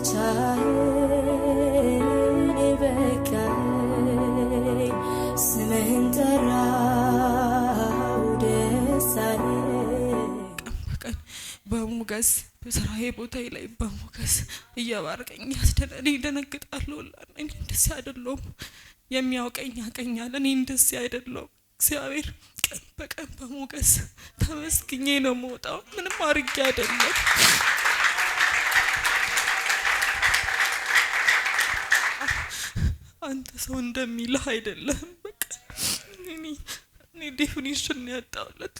ብቻዬን ቦታ ላይ በሞገስ እያባረቀኝ ያስደለኔ ደነግጣለሁ። እኔ እንደዚህ አይደለሁም። የሚያውቀኝ ያውቀኛል። እኔ እንደዚህ አይደለሁም። እግዚአብሔር ቀን በቀን በሞገስ ተመስግኜ ነው መውጣው። ምንም አርጌ አይደለም። አንተ ሰው እንደሚልህ አይደለም። በቃ እኔ ዴፊኒሽን ያጣውለት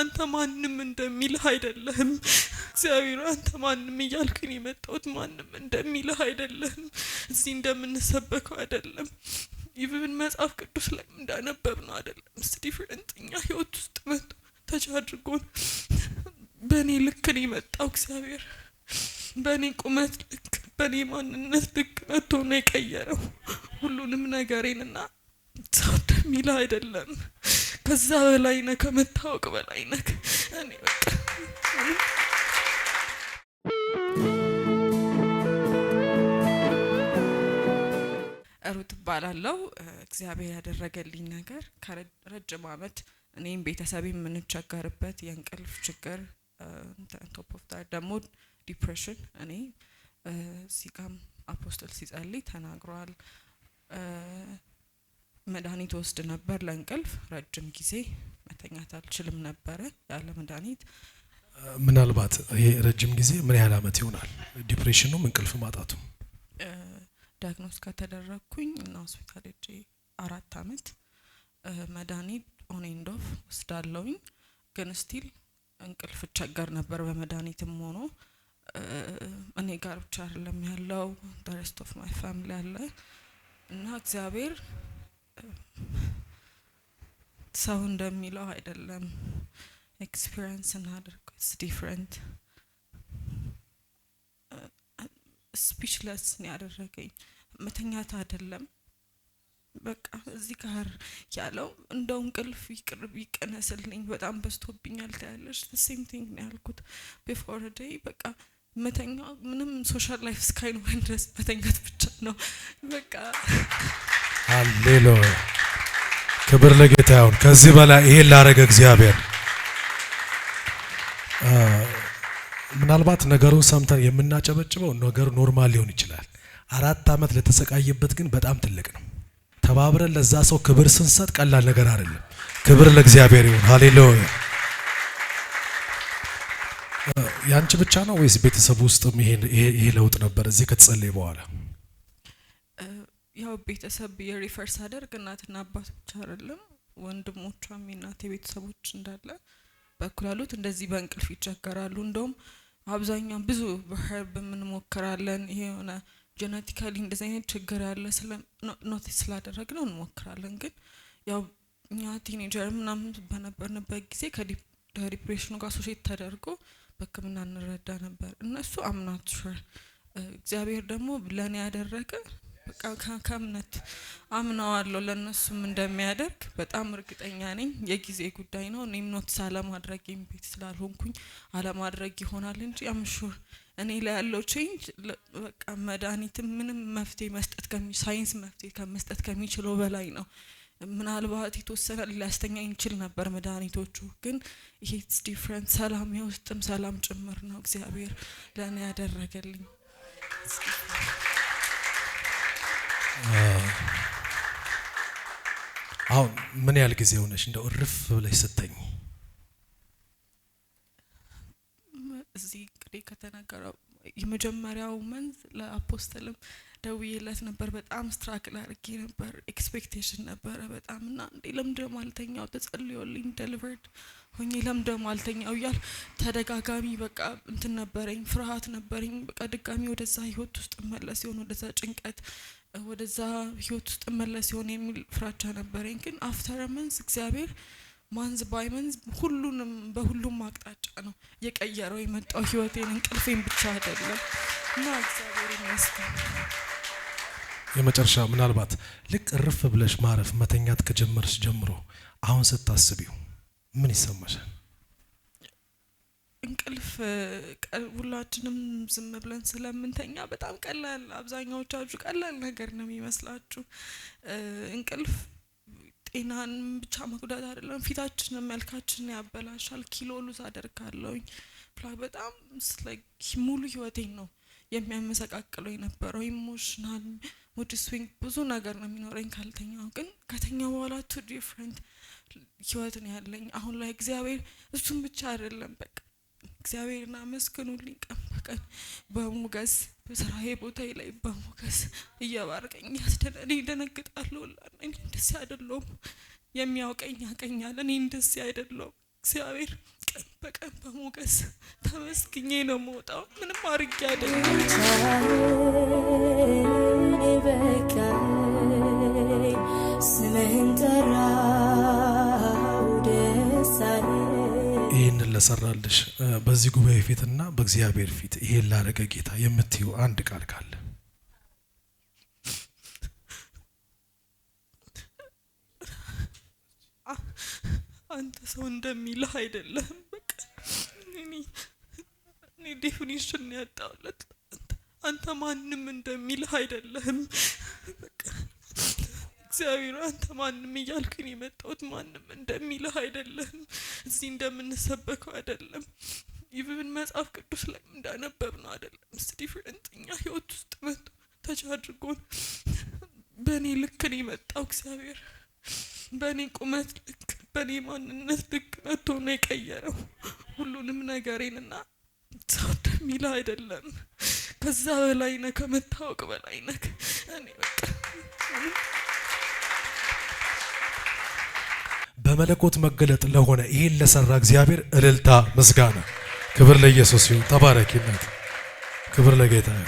አንተ ማንም እንደሚልህ አይደለም። እግዚአብሔር አንተ ማንም እያልክን የመጣሁት ማንም እንደሚልህ አይደለም። እዚህ እንደምንሰበከው አይደለም። ይብን መጽሐፍ ቅዱስ ላይ እንዳነበብ ነው አይደለም። ስ ዲፍረንት እኛ ህይወት ውስጥ መጥቶ ተች አድርጎን በእኔ ልክን የመጣው እግዚአብሔር በእኔ ቁመት ልክ በእኔ ማንነት ልክ የቀየረው ሁሉንም ነገሬንና ሰው እንደሚል አይደለም። ከዛ በላይ ነህ፣ ከምታወቅ በላይ ነህ። እኔ በቃ ሩት እባላለሁ። እግዚአብሔር ያደረገልኝ ነገር ከረጅም ዓመት እኔም ቤተሰብ የምንቸገርበት የእንቅልፍ ችግር ቶፖፍታ ደግሞ ዲፕሬሽን እኔ ሲቃም አፖስቶል አፖስትል ሲጸልይ ተናግሯል። መድኃኒት ወስድ ነበር ለእንቅልፍ ረጅም ጊዜ መተኛት አልችልም ነበረ ያለ መድኃኒት። ምናልባት ይሄ ረጅም ጊዜ ምን ያህል አመት ይሆናል? ዲፕሬሽኑም እንቅልፍ ማጣቱ? ዳያግኖስ ከተደረግኩኝ እና ሆስፒታል ሄጄ አራት አመት መድኃኒት ኦን ኤንድ ኦፍ ወስዳለሁኝ፣ ግን ስቲል እንቅልፍ እቸገር ነበር በመድኃኒትም ሆኖ እኔ ጋር ብቻ አይደለም ያለው ሬስት ኦፍ ማይ ፋሚሊ አለ እና እግዚአብሔር ሰው እንደሚለው አይደለም። ኤክስፒሪንስ እናድርግ ስ ዲፍረንት ስፒችለስ ነው ያደረገኝ መተኛት አይደለም በቃ እዚህ ጋር ያለው እንደው እንቅልፍ ይቅርብ ይቀነስልኝ፣ በጣም በዝቶብኛል ታያለሽ። ሴም ቲንግ ነው ያልኩት ቢፎር ደይ በቃ መተኛ ምንም ሶሻል ላይፍ እስካይኖረን ድረስ መተኛት ብቻ ነው በቃ። ሃሌሉያ ክብር ለጌታ ይሁን። ከዚህ በላይ ይሄን ላረገ እግዚአብሔር ምናልባት ነገሩ ሰምተን የምናጨበጭበው ነገሩ ኖርማል ሊሆን ይችላል። አራት ዓመት ለተሰቃየበት ግን በጣም ትልቅ ነው። ተባብረን ለዛ ሰው ክብር ስንሰጥ ቀላል ነገር አይደለም። ክብር ለእግዚአብሔር ይሁን። ሃሌሉያ ያንቺ ብቻ ነው ወይስ ቤተሰብ ውስጥም ይሄ ለውጥ ነበር? እዚህ ከተጸለይ በኋላ ያው ቤተሰብ የሪፈር ሳደርግ እናትና አባት ብቻ አይደለም ወንድሞቿም የእናቴ ቤተሰቦች እንዳለ በኩል እንደዚህ በእንቅልፍ ይቸገራሉ። እንደውም አብዛኛው ብዙ በህርብ እንሞክራለን። ይሄ የሆነ ጀነቲካሊ እንደዚህ አይነት ችግር ያለ ኖቲስ ስላደረግ ነው እንሞክራለን። ግን ያው እኛ ቲኔጀር ምናምን በነበርንበት ጊዜ ከዲፕሬሽኑ ጋር ሶሴት ተደርጎ በህክምና እንረዳ ነበር። እነሱ አምናቱ እግዚአብሔር ደግሞ ለእኔ ያደረገ ከእምነት አምነዋለሁ ለእነሱም እንደሚያደርግ በጣም እርግጠኛ ነኝ። የጊዜ ጉዳይ ነው። እኔም ኖትስ አለማድረግ ቤት ስላልሆንኩኝ አለማድረግ ይሆናል እንጂ አምሹር እኔ ላይ ያለው ቼንጅ በቃ መድኃኒትም ምንም መፍትሄ መስጠት ሳይንስ መፍትሄ ከመስጠት ከሚችለው በላይ ነው። ምናልባት የተወሰነ ሊያስተኛ ይችል ነበር መድኃኒቶቹ፣ ግን ይሄስ ዲፍረንት ሰላም የውስጥም ሰላም ጭምር ነው እግዚአብሔር ለእኔ ያደረገልኝ። አሁን ምን ያህል ጊዜ ሆነች እንደው እርፍ ብለሽ ስተኝ? እዚህ እንግዲህ ከተነገረው የመጀመሪያው መንዝ ለአፖስተልም ደውዬለት ነበር። በጣም ስትራክል አድርጌ ነበር። ኤክስፔክቴሽን ነበረ በጣም እና እንዴ ለምንድን ነው ማልተኛው? ተጸልዮልኝ ደሊቨርድ ሆኜ ለምንድን ነው ማልተኛው እያል ተደጋጋሚ በቃ እንትን ነበረኝ፣ ፍርሃት ነበረኝ። በቃ ድጋሚ ወደዛ ህይወት ውስጥ መለስ ሲሆን ወደዛ ጭንቀት ወደዛ ህይወት ውስጥ መለስ ሲሆን የሚል ፍራቻ ነበረኝ። ግን አፍተር መንስ እግዚአብሔር ማንዝ ባይ መንዝ ሁሉንም በሁሉም አቅጣጫ ነው የቀየረው የመጣው ህይወቴን እንቅልፌን ብቻ አይደለም እና እግዚአብሔር ይመስገን። የመጨረሻ ምናልባት ልክ እርፍ ብለሽ ማረፍ መተኛት ከጀመርሽ ጀምሮ አሁን ስታስቢው ምን ይሰማሻል? እንቅልፍ ሁላችንም ዝም ብለን ስለምንተኛ በጣም ቀላል አብዛኛዎቻችሁ ቀላል ነገር ነው የሚመስላችሁ። እንቅልፍ ጤናን ብቻ መጉዳት አይደለም፣ ፊታችንን መልካችንን ያበላሻል። ኪሎ ሉዝ አደርጋለሁኝ። በጣም ሙሉ ህይወቴን ነው የሚያመሰቃቅለው የነበረው ኢሞሽናል ሙድ ስዊንግ ብዙ ነገር ነው የሚኖረኝ ካልተኛው። ግን ከተኛ በኋላ ቱ ዲፍረንት ህይወት ነው ያለኝ አሁን ላይ እግዚአብሔር። እሱም ብቻ አይደለም በቃ እግዚአብሔርን አመስግኑልኝ። ቀን በቀን በሞገስ በስራዬ ቦታ ላይ በሞገስ እየባረቀኝ ያስደነኔ ደነግጣለሁ። እኔ እንደዚህ አይደለሁም፣ የሚያውቀኝ ያውቀኛል። እኔ እንደዚህ አይደለሁም እግዚአብሔር ቀን በቀን በሞገስ ተመስግኜ ነው የምወጣው። ምንም አርጌ አይደለም። ስምህን ጠራው ደስ አለኝ። ይህንን ለሰራልሽ በዚህ ጉባኤ ፊትና በእግዚአብሔር ፊት ይሄን ላደረገ ጌታ የምትይው አንድ ቃል ካለ አንተ ሰው እንደሚልህ አይደለህም። በቃ እኔ ዴፊኒሽን ያጣሁለት አንተ ማንም እንደሚልህ አይደለህም። እግዚአብሔር አንተ ማንም እያልኩኝ የመጣሁት ማንም እንደሚልህ አይደለም። እዚህ እንደምንሰበከው አይደለም። ይብን መጽሐፍ ቅዱስ ላይ እንዳነበብ ነው አይደለም። ዲፍረንት እኛ ህይወት ውስጥ መጥቶ ተች አድርጎን በእኔ ልክ የመጣው እግዚአብሔር በእኔ ቁመት ልክ በእኔ ማንነት ድቅ መቶ ነው የቀየረው ሁሉንም ነገሬን እና ሰው እንደሚል አይደለም። ከዛ በላይ ነህ፣ ከመታወቅ በላይ ነህ። እኔ በቃ በመለኮት መገለጥ ለሆነ ይህን ለሰራ እግዚአብሔር እልልታ ምስጋና ክብር ለኢየሱስ ይሁን። ተባረኪነት ክብር ለጌታ